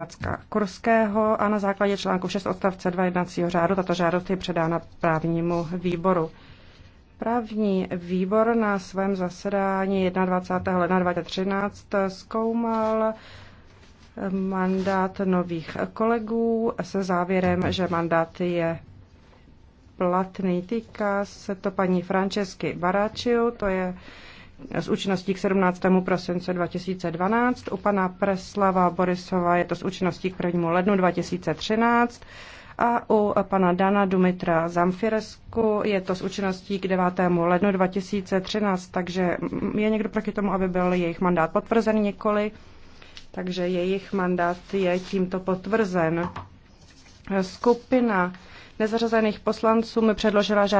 Vacka Kurského a na základě článku 6 odstavce 2 jednacího řádu tato žádost je předána právnímu výboru. Právní výbor na svém zasedání 21. ledna 2013 zkoumal mandát nových kolegů se závěrem, že mandát je platný. Týká se to paní Francesky Baráčiu, to je s účinností k 17. prosince 2012. U pana Preslava Borisova je to s účinností k 1. lednu 2013 a u pana Dana Dumitra Zamfiresku je to s účinností k 9. lednu 2013, takže je někdo proti tomu, aby byl jejich mandát potvrzen nikoli, takže jejich mandát je tímto potvrzen. Skupina nezařazených poslanců mi předložila žádost